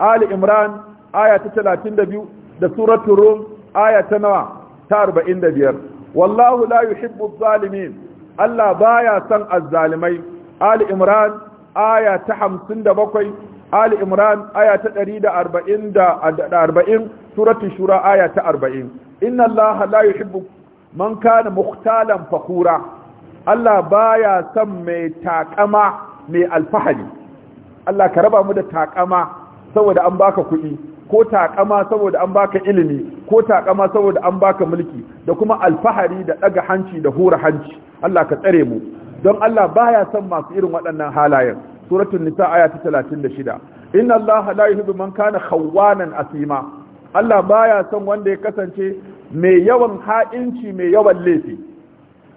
S2: ali imran aya ta 32 da suratul rum aya ta nawa ta 45 wallahu la yuhibbuz zalimin Allah baya san azzalimai ali imran aya ta hamsin da bakwai ali imran aya ta ɗari da arba'in da arba'in suratun shura aya ta arba'in inna allaha la yuhibbu man kana mukhtalan fakura allah baya son mai takama mai alfahari allah ka raba mu da taƙama saboda an baka kuɗi ko taƙama saboda an baka ilimi ko taƙama saboda an baka mulki da kuma alfahari da ɗaga hanci da hura hanci allah ka tsare mu don Allah baya son masu irin waɗannan halayen suratun nisa aya ta talatin da shida. inna Allah la yuhibbu man kana khawanan asima Allah baya son wanda ya kasance mai yawan ha'inci mai yawan laifi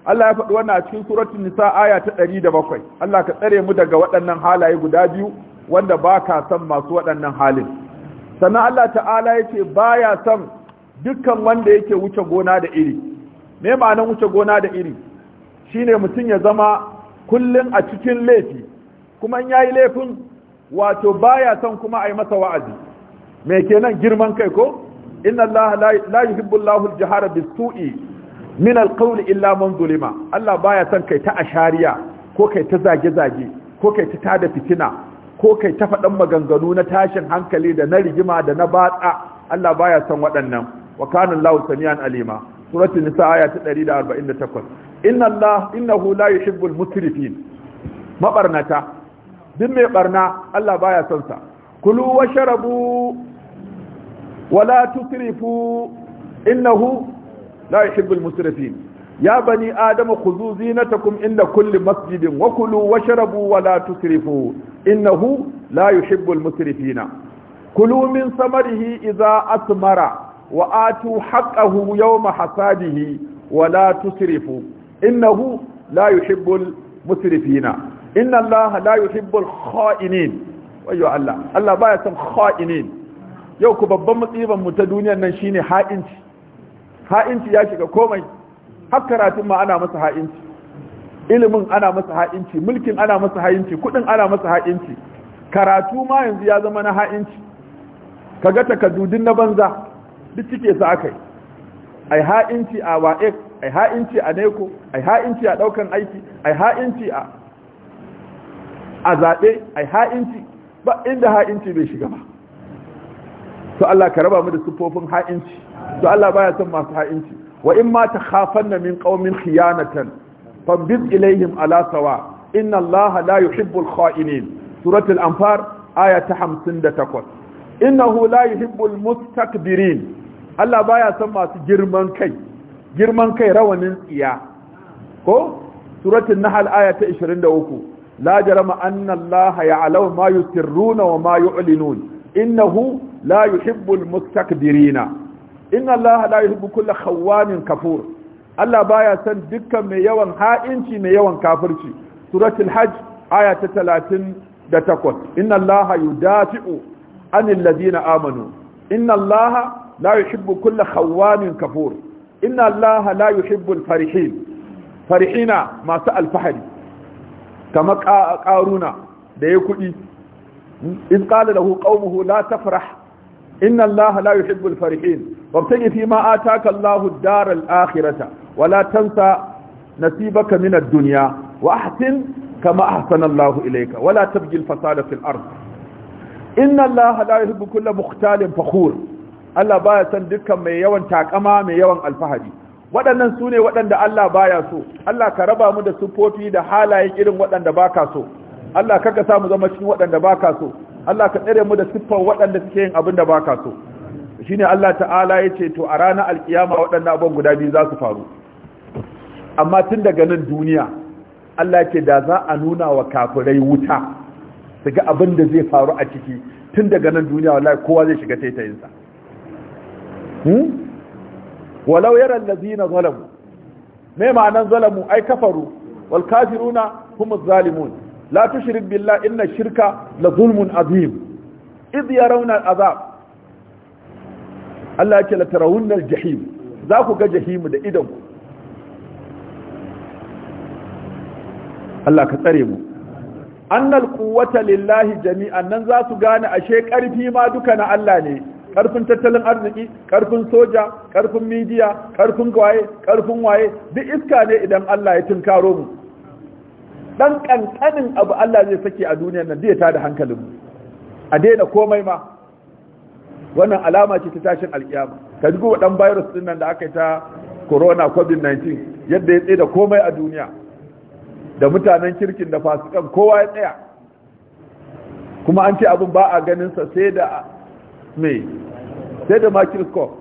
S2: Allah ya faɗi wannan a cikin suratun nisa aya ta ɗari bakwai. Allah ka tsare mu daga waɗannan halaye guda biyu wanda ba ka son masu waɗannan halin sannan Allah ta'ala ya ce baya son dukkan wanda yake wuce gona da iri me ma'anar wuce gona da iri shine mutum ya zama kullum a cikin laifi kuma in yayi laifin wato baya son kuma a yi masa wa'azi me kenan girman kai ko inna allaha la yuhibbu al-jahara bis-su'i min al-qawli illa man zulima allah baya son kai ta ashariya ko kai ta zage-zage ko kai ta tada fitina ko kai ta faɗan maganganu na tashin hankali da na rigima da na batsa Allah baya son waɗannan wa kana Allahu samian alima suratul nisa aya ta 148 inna Allah innahu la yuhibbul mutrifin mabarnata duk mai barna Allah baya son sa kulu washrabu wala tusrifu innahu la yuhibbul musrifin ya bani adam khudhu zinatakum inda kulli masjidin wa kulu washrabu wala tusrifu innahu la yuhibbul musrifina kulu min samarihi idza asmara wa atu haqqahu yawma hasadihi wala tusrifu innahu la yuhibbul musrifina inna allaha la yuhibbul kha'inin wayo Allah Allah baya son kha'inin yau ku babban musibar mu ta duniyar nan shine ha'inci ha'inci ya shiga komai har karatun ma ana masa ha'inci ilimin ana masa ha'inci mulkin ana masa ha'inci kudin ana masa ha'inci karatu ma yanzu ya zama na ha'inci kaga takadudin na banza duk cike su akai ai ha'inci a wa'ek ai ha'inci a neko ai ha'inci a daukan aiki ai ha'inci a a zaɓe ai ha'inci ba inda ha'inci bai shiga ba to Allah ka raba mu da sufofin ha'inci to Allah baya son masu ha'inci wa in ma takhafanna min qaumin khiyanatan fabid ilaihim ala sawa inna Allah la al kha'inin suratul anfar aya ta 58 innahu la yuhibbul mustakbirin Allah baya son masu girman kai girman kai rawanin tsiya ko suratul nahl aya ta 23 la jarama anna allaha ya'lamu ma yusirruna wa ma yu'linun innahu la yuhibbul mustakbirina inna allaha la yuhibbu kulla khawanin kafur Allah baya san dukkan mai yawan ha'inci mai yawan kafirci suratul hajj aya ta takwas inna allaha yudafi'u anil ladina amanu inna allaha la yuhibbu kulla khawanin kafur إن الله لا يحب الفرحين فرحينا ما سأل فحر كما قارون ليكوئي إذ قال له قومه لا تفرح إن الله لا يحب الفرحين وابتقي فيما آتاك الله الدار الآخرة ولا تنسى نسيبك من الدنيا وأحسن كما أحسن الله إليك ولا تبجي الفساد في الأرض إن الله لا يحب كل مختال فخور Allah baya son dukkan mai yawan takama mai yawan alfahari waɗannan su ne waɗanda Allah baya so Allah ka raba mu da sufofi da halayen irin waɗanda baka so Allah ka sa mu zama cikin waɗanda baka so Allah ka tsare mu da siffar waɗanda suke yin abin da baka so shine Allah ta'ala yace to a ranar alkiyama waɗannan abin guda biyu za su faru amma tun daga nan duniya Allah ce da za a nuna wa kafirai wuta su ga abin da zai faru a ciki tun daga nan duniya wallahi kowa zai shiga taitayinsa Hmm? walau yara allazina zalamu me ma'anan zalamu ai kafaru wal kafiruna kuma zalimun la tushrik billahi inna shirka la zulmun azim id ya al azab Allah ya ce la tarawunna jahim za ku ga jahimu da idan ku Allah ka tsare mu annal quwwata lillahi jami'an nan za su gane ashe karfi ma duka na Allah ne karfin tattalin arziki karfin soja karfin midiya karfin gwaye, karfin waye duk iska ne idan Allah ya tunkaro mu dan kankanin abu Allah zai saki a duniyar nan zai tada hankalin mu a daina komai ma wannan alama ce ta tashin alkiyama ka duba dan virus din nan da aka yi ta corona covid-19 yadda ya tsaye da komai a duniya da mutanen kirkin da fasikan kowa ya tsaya kuma an ce abin ba a ganin sa sai da me sai da microscope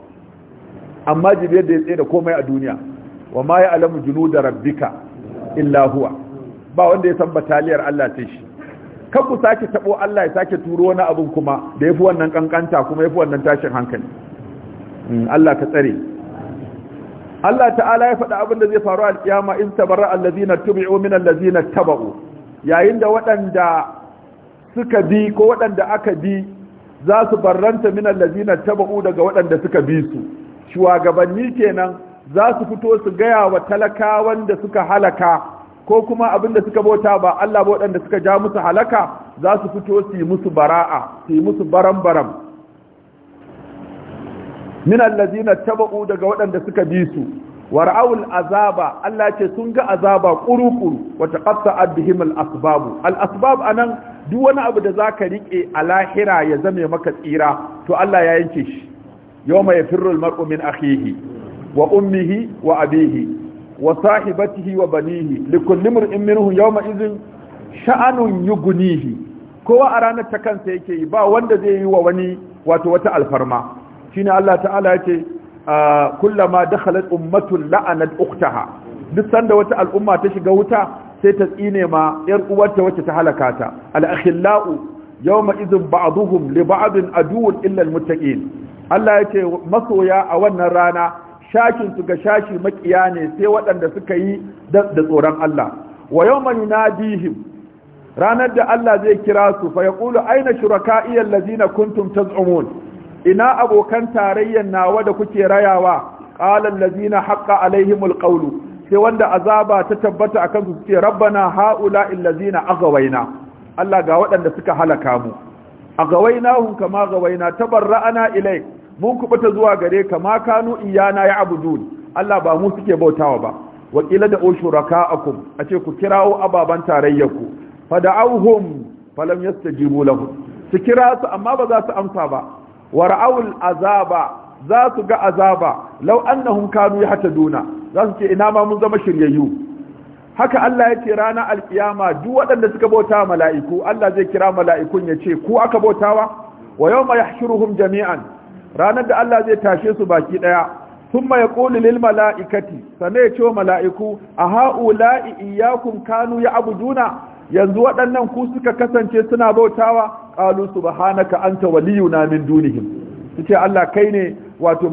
S2: amma jibiyar da ya tsaye da komai a duniya wa ma ya alamu junu da rabbika illa huwa ba wanda ya san bataliyar Allah ce shi kan ku sake tabo Allah ya sake turo wani abin kuma da ya fi wannan kankanta kuma ya fi wannan tashin hankali hmm, Allah ka tsare Allah ta'ala ya faɗa abin da zai faru a kiyama in tabarra allazina tubi'u min allazina taba'u yayin da waɗanda suka bi ko waɗanda aka bi za su barranta min allazina taba'u daga waɗanda suka bi su shugabanni kenan za su fito su gaya wa talakawan da suka halaka ko kuma abin da suka bauta ba Allah ba waɗanda suka ja musu halaka za su fito su yi musu bara'a su yi musu baram-baram min allazina taba'u daga waɗanda suka bi su wa azaba Allah ce sun ga azaba ƙuruƙuru wata wa taqatta'at al-asbab al-asbab anan duk wani abu da ka riƙe a lahira ya zame maka tsira to Allah ya yanke shi yawma yafirru almar'u min akhihi wa ummihi wa abihi wa sahibatihi wa banihi likulli mar'in minhum yawma idhin sha'anun yughnihi kowa a ranar ta kansa yake yi ba wanda zai yi wa wani wato wata alfarma shine Allah ta'ala yace ah, kullama dakhalat ummatun la'anat ukhtaha duk sanda wata al'umma ta shiga wuta sai ta tsine ma yar uwarta wacce ta halaka ta al-akhillau yawma idhin ba'dhum li ba'din aduwwun Allah ya ce Allah yace masoya a wannan rana Shashinsu ga shashi makiya ne sai waɗanda suka yi da tsoron Allah wa yawma yunadihim ranar da Allah zai kira su fa ƙulu aina lazina allazina kuntum taz'umun ina abokan tarayyan nawa da kuke rayawa qala lazina haqqa alaihimul ƙaulu sai wanda azaba ta tabbata akan su ce rabbana haula illazina agawaina Allah ga waɗanda suka halaka mu agawainahum kama gawaina tabarra'ana ilai mun kubuta zuwa gare kama kanu iyana ya abudun Allah ba mu suke bautawa ba wa qila da ushrakaakum a ce ku kirawo ababan tarayyaku fada'awhum falam yastajibu lahum su kira su amma ba za su amsa ba wara'ul azaba za su ga azaba law annahum kanu duna, za su ce ina ma mun zama shiryayyu haka Allah ya ce rana alkiyama duk waɗanda suka bauta mala'iku Allah zai kira mala'ikun ya ce ku aka bautawa wa yawma yahshuruhum jami'an ranar da Allah zai tashe su baki daya thumma yaqulu lil mala'ikati sanai ya ce wa mala'iku a ha'ula'i iyyakum kanu ya'buduna yanzu waɗannan ku suka kasance suna bautawa qalu subhanaka anta waliyuna min dunihim suce Allah kai ne wato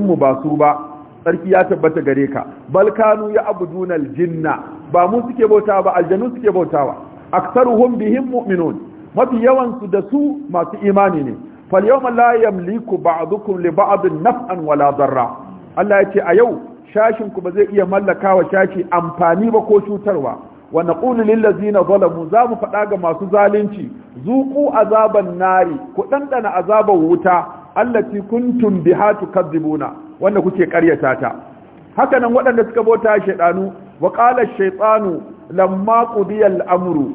S2: mu ba su ba Sarki ya tabbata gare ka Balkanu ya abuduna aljinna ba mu suke bautawa ba aljanu suke bautawa aktaruhum bihim mu'minun mafi yawan su da su masu imani ne fal yawma la yamliku ba'dukum li ba'din naf'an wala darra Allah ya ce a yau shashin ku ba zai iya mallaka wa shashi amfani ba ko cutarwa wa naqulu lil ladzina zalamu za mu faɗa ga masu zalunci zuqu azaban nari ku dandana azaban wuta allati kuntum biha tukadzibuna wanda kuke karyata ta haka nan waɗanda suka bota shaydanu wa qala shaytanu lamma qudiya al-amru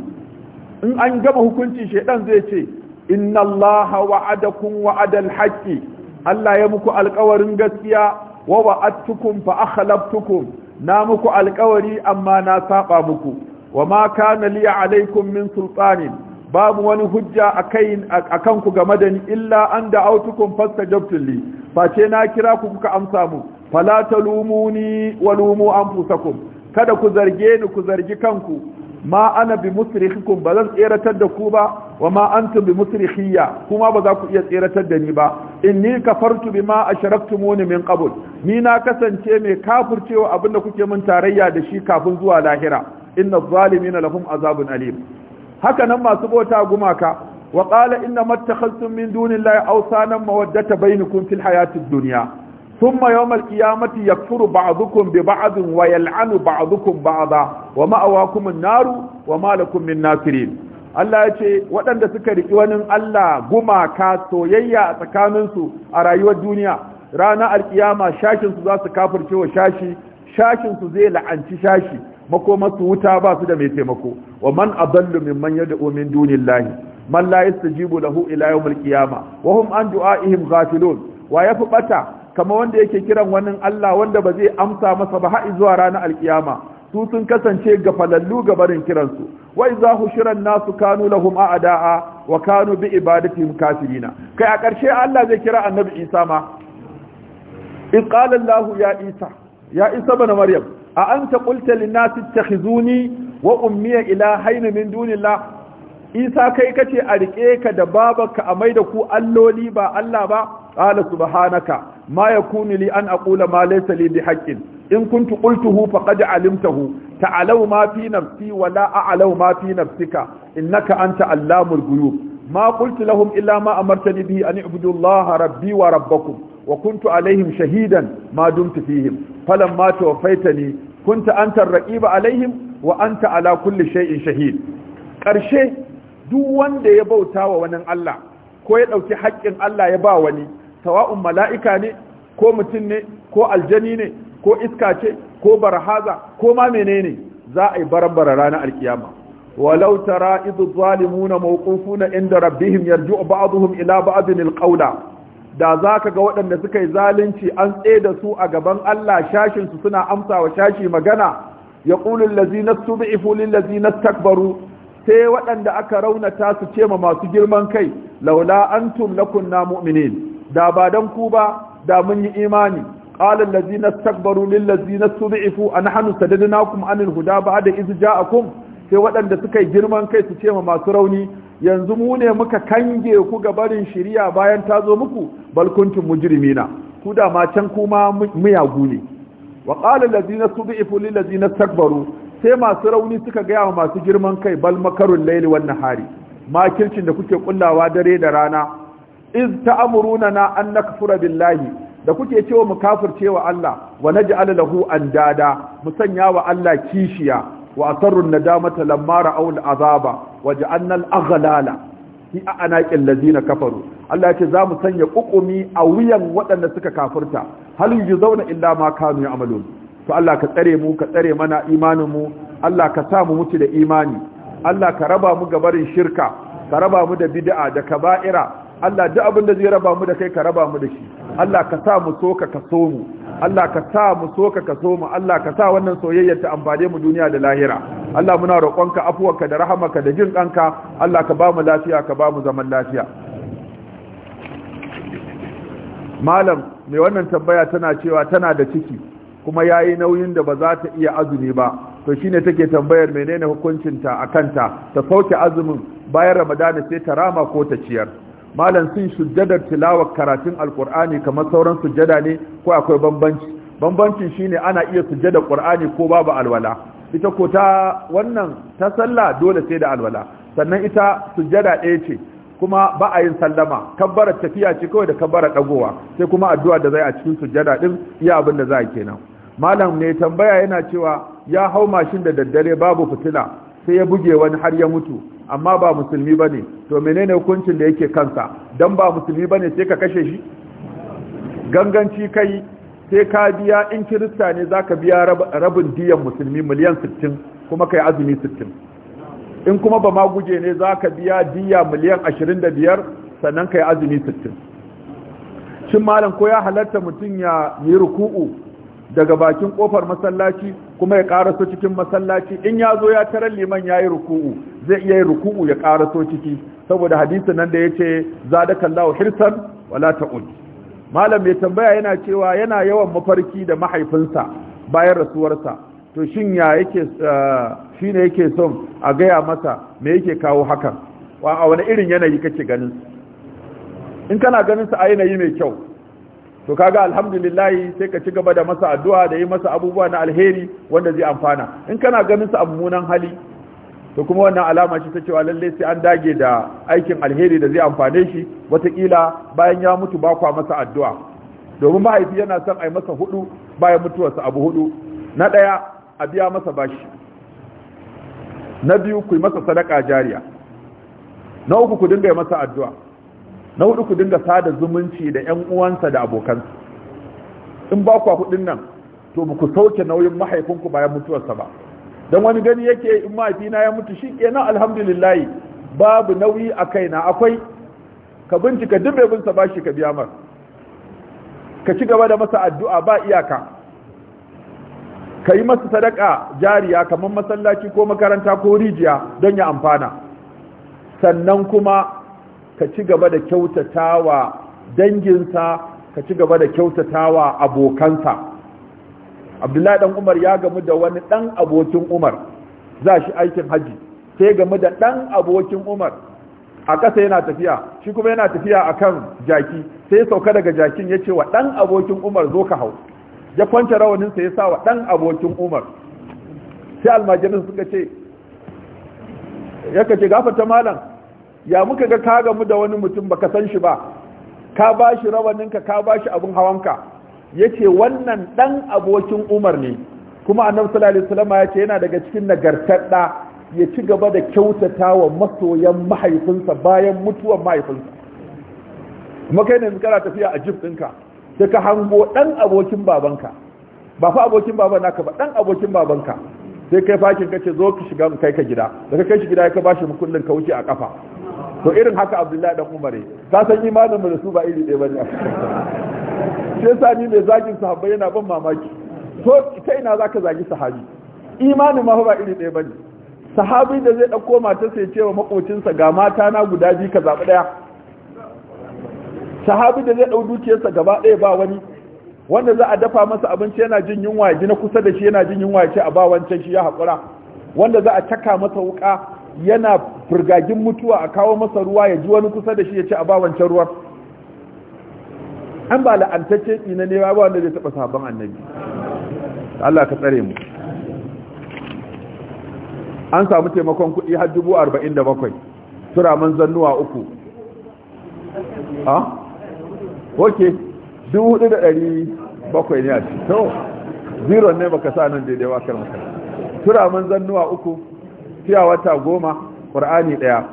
S2: in an gama hukuncin shaydan zai ce inna allaha wa'adakum wa'ada al-haqqi Allah ya muku alƙawarin gaskiya wa wa'adtukum fa akhlaftukum na muku alƙawari amma na saba muku wa ma kana li alaikum min sultanin babu wani hujja a kanku game da ni illa an da autukun fasta jabtulli face na kira ku kuka amsa mu fala ta ni wa lumu an fusakun kada ku zarge ni ku zargi kanku ma ana bi musrikhikum ba zan tseratar da ku ba wa ma antum bi musrikhiyya kuma ba za ku iya tseratar da ni ba inni kafartu bima ashraktumuni min qabl ni na kasance mai kafircewa abinda kuke min tarayya da shi kafin zuwa lahira inna zalimina lahum azabun alim haka nan masu bauta gumaka wa qala inna mattakhaztum min dunillahi awsanan mawaddata bainakum fil hayatid dunya thumma yawmal qiyamati yakfuru ba'dukum bi ba'din wa yal'anu ba'dukum ba'da wa ma'awakum an-naru wa ma lakum min nasirin Allah ya ce waɗanda suka riƙi wani Allah gumaka soyayya a tsakaninsu a rayuwar duniya ranar alkiyama shashinsu za su kafirce wa shashi shashinsu zai la'anci shashi makomarsu wuta ba su da mai taimako wa man adallu mimman yad'u min dunillahi man la yastajibu lahu ila yawmil qiyama wa hum an du'aihim ghafilun wa yafi bata kama wanda yake kiran wannan Allah wanda ba zai amsa masa ba har zuwa ranar alkiyama su sun kasance ga falallu ga barin kiransu wa idza hushira nasu kanu lahum a'daa wa kanu bi ibadatihim kafirina kai a karshe Allah zai kira annabi Isa ma in qala Allah ya Isa ya Isa bana Maryam a ta qulta lin-nasi ittakhizuni wa ummiya ilahayn min dunila isa kai kace a riƙe ka da babaka a maida ku alloli ba Allah ba qala subhanaka ma kuni li an aqula ma laysa li bihaqqin in kuntu qultuhu faqad alimtahu ta'alu ma fi nafsi wa la a'lamu ma fi nafsika innaka anta allamul ghuyub ma qultu lahum illa ma amartani bihi an i'budu Allah rabbi wa rabbakum wa kuntu alaihim shahidan ma dumtu fihim falamma tawaffaitani kunta anta raqiba alaihim wa anta ala kulli shay'in shahid karshe duk wanda ya bautawa wani Allah ko ya dauki haƙƙin Allah ya ba wani sawa'un mala'ika ne ko mutum ne ko aljani ne ko iska ce ko barhaza ko ma menene za a yi barabara ranar alkiyama ولو ترى إذ الظالمون inda عند ربهم يرجع بعضهم ila بعض القول da za ka ga waɗanda suka yi zalunci an tsaye da su a gaban Allah shashinsu suna amsa wa shashi magana ya ƙulin lazina su bi ifulin takbaru sai waɗanda aka raunata su ce ma masu girman kai laula antum lakunna mu'minin da ba don ku ba da mun yi imani Ƙalin Lazinas takbaru lil nahanu hannu anahnu kuma anil huda ba da izu ja a kum sai waɗanda suka yi girman kai su ce ma masu rauni yanzu mu ne muka kange ku ga barin shiriya bayan ta zo muku bal kuntum mujrimina ku da ma can kuma miyagu ne wa qala allazina tudifu lil ladina takbaru sai masu rauni suka ga yawa masu girman kai bal makarul layli wan nahari makircin da kuke kullawa dare da rana iz ta'muruna na an nakfura billahi da kuke cewa mu kafirce wa Allah wa naj'al lahu andada mu sanya wa Allah kishiya wa asarru nadamata lamma ra'aw al'azaba waj'alna al'aghlala fi a'naqil ladina kafaru Allah ya ce za mu sanya ƙuƙumi a wuyan waɗanda suka kafirta hal zauna illa ma kanu ya'malun to Allah ka tsare mu ka tsare mana imanin mu Allah ka sa mu mutu da imani Allah ka raba mu gabarin shirka ka raba mu da bid'a da kaba'ira Allah duk abin da zai raba mu da kai ka raba mu da shi Allah ka sa mu so ka kaso mu Allah ka sa mu so ka kaso mu Allah ka sa wannan soyayyar ta amfane mu duniya da lahira Allah muna roƙonka afuwarka da rahamarka da jin kanka Allah ka ba mu lafiya ka ba mu zaman lafiya malam mai wannan tambaya tana cewa tana da ciki kuma ya yi nauyin da ba za ta iya azumi ba to shine take tambayar menene hukuncinta a kanta ta sauke azumin bayan ramadana sai ta rama ko ta ciyar malam sun sujjadar tilawar karatun alkur'ani kamar sauran sujjada ne ko akwai bambanci bambancin shine ana iya sujjada qur'ani ko babu alwala ita ko ta wannan ta sallah dole sai da alwala sannan ita sujjada ɗaya ce kuma ba a yin sallama kabbara tafiya ce kawai da kabbara dagowa sai kuma addu'a da zai a cikin sujjada din iya abin da za kenan malam ne tambaya yana cewa ya hau mashin da daddare babu fitila sai ya buge wani har ya mutu amma ba musulmi bane to menene hukuncin da yake kansa dan ba musulmi bane sai ka kashe shi ganganci kai sai ka biya in kirista ne zaka biya rabin diyan musulmi miliyan 60 kuma kai azumi 60 in kuma ba ma guje ne za ka biya diya miliyan 25 sannan ka yi azumi 60 shin malam ko ya halatta mutum ya yi ruku'u daga bakin kofar masallaci kuma ya karaso cikin masallaci in ya zo ya tarar liman ya yi ruku'u zai iya yi ruku'u ya karaso ciki saboda hadisi nan da ya ce za da kallawa hirsan wala ta'ud malam mai tambaya yana cewa yana yawan mafarki da mahaifinsa bayan rasuwarsa to shin ya yake eh, Shi ne yake son a gaya masa me yake kawo hakan a wani irin yanayi kake ganin in kana ganin sa a yanayi mai kyau to kaga alhamdulillah sai ka ci gaba da masa addu'a da yi masa abubuwa na alheri wanda zai amfana in kana ganin sa a mummunan hali to kuma wannan alama ce ta cewa lalle sai an dage da aikin alheri da zai amfane shi watakila bayan ya mutu ba kwa masa addu'a domin mahaifi yana son a yi masa hudu bayan mutuwarsa abu hudu na ɗaya a biya masa bashi na biyu ku yi masa sadaka jariya na uku ku dinga masa addu'a na hudu ku dinga sada zumunci da 'yan uwansa da abokansa in ba ku hudin nan to ku sauke nauyin mahaifinku bayan mutuwarsa ba dan wani gani yake in mahaifina ya mutu shi kenan alhamdulillah babu nauyi a kaina akwai ka bincika duk bin binsa bashi ka biya masa ka ci gaba da masa addu'a ba iyaka ka yi masa sadaka jariya kamar masallaci ko makaranta ko rijiya don ya amfana sannan kuma ka ci gaba da kyautatawa danginsa ka ci gaba da kyautatawa abokansa abdullahi dan umar ya gamu da wani dan abokin umar za shi aikin hajji sai gamu da dan abokin umar a ƙasa yana tafiya shi kuma yana tafiya akan jaki sai sauka daga jakin ya ce wa dan abokin umar zo ka hau ya kwanta rawaninsa ya sa wa ɗan abokin umar sai almajirin suka ce ya kace gafata malam ya muka ga ka gamu da wani mutum baka san shi ba ka ba shi rawaninka ka ba shi abin hawanka ya ce wannan ɗan abokin umar ne kuma annabi sallallahu alaihi wasallam ya ce yana daga cikin nagartar ya ci gaba da kyautata wa masoyan mahaifinsa bayan mutuwar mahaifinsa kuma kai ne kana tafiya a jif ɗinka sai ka hango dan abokin babanka ba fa abokin baban naka ba dan abokin babanka sai kai fakin ka ce zo ki shiga mu kai ka gida daga kai shi gida ka bashi mu kullun ka wuce a kafa to irin haka Abdullahi dan Umar ka san imanin mu da su ba iri ɗaya bane sai sani mai zagin sahabbai yana ban mamaki to kai ina zaka zagi sahabi imanin ma ba iri ɗaya bane sahabi da zai ɗauko matarsa ya ce wa makocinsa ga mata na guda biyu ka zabi ɗaya sahabi da zai ɗau dukiyarsa gaba ɗaya ba wani wanda za a dafa masa abinci yana jin yunwa ya gina na kusa da shi yana jin yunwa ya ce a ba wancan shi ya haƙura wanda za a caka masa wuƙa yana firgagin mutuwa a kawo masa ruwa ya ji wani kusa da shi ya ce a ba wancan ruwan an ba la'antacce ina ne ba wanda zai taɓa sabon annabi Allah ka tsare mu an samu taimakon kuɗi har dubu arba'in da bakwai tura man zannuwa uku Huh? Ah? ok duk hudu da ɗari bakwai ne a ci to ne baka sa nan daidai wakar tura man zannuwa uku fiya wata goma ƙur'ani ɗaya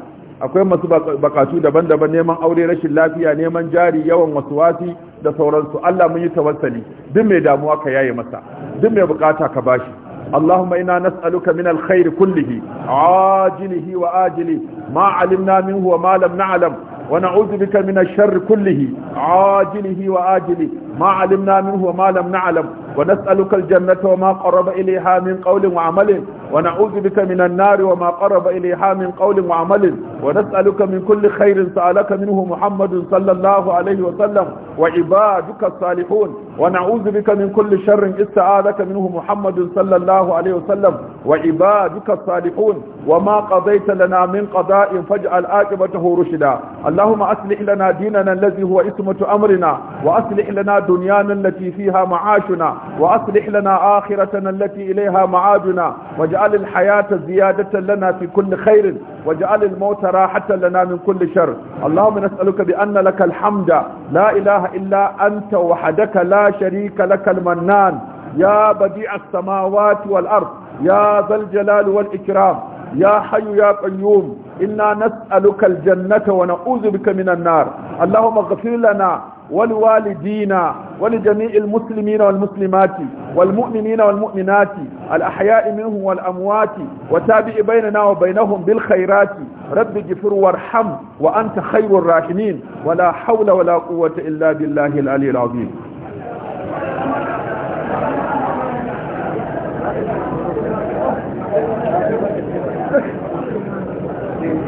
S2: akwai masu bakatu daban-daban neman aure rashin lafiya neman jari yawan wasu wasi da sauransu Allah mun yi tawassali duk mai damuwa ka yaye masa duk mai bukata ka bashi اللهم إنا نسألك من الخير كله عاجله وآجله ما علمنا منه وما لم نعلم ونعوذ بك من الشر كله عاجله وآجله ما علمنا منه وما لم نعلم ونسألك الجنة وما قرب إليها من قول وعمل ونعوذ بك من النار وما قرب إليها من قول وعمل ونسألك من كل خير سألك منه محمد صلى الله عليه وسلم وعبادك الصالحون ونعوذ بك من كل شر استعاذك منه محمد صلى الله عليه وسلم وعبادك الصالحون وما قضيت لنا من قضاء فاجعل عاقبته رشدا اللهم أصلح لنا ديننا الذي هو اسمة أمرنا وأصلح لنا دنيانا التي فيها معاشنا وأصلح لنا آخرتنا التي إليها معادنا واجعل الحياة زيادة لنا في كل خير واجعل الموت راحة لنا من كل شر اللهم نسألك بأن لك الحمد لا إله إلا أنت وحدك لا شريك لك المنان يا بديع السماوات والأرض يا ذا الجلال والإكرام يا حي يا قيوم إنا نسألك الجنة ونعوذ بك من النار اللهم اغفر لنا ولوالدينا ولجميع المسلمين والمسلمات والمؤمنين والمؤمنات الأحياء منهم والأموات وتابع بيننا وبينهم بالخيرات رب اغفر وارحم وأنت خير الراحمين ولا حول ولا قوة إلا بالله العلي العظيم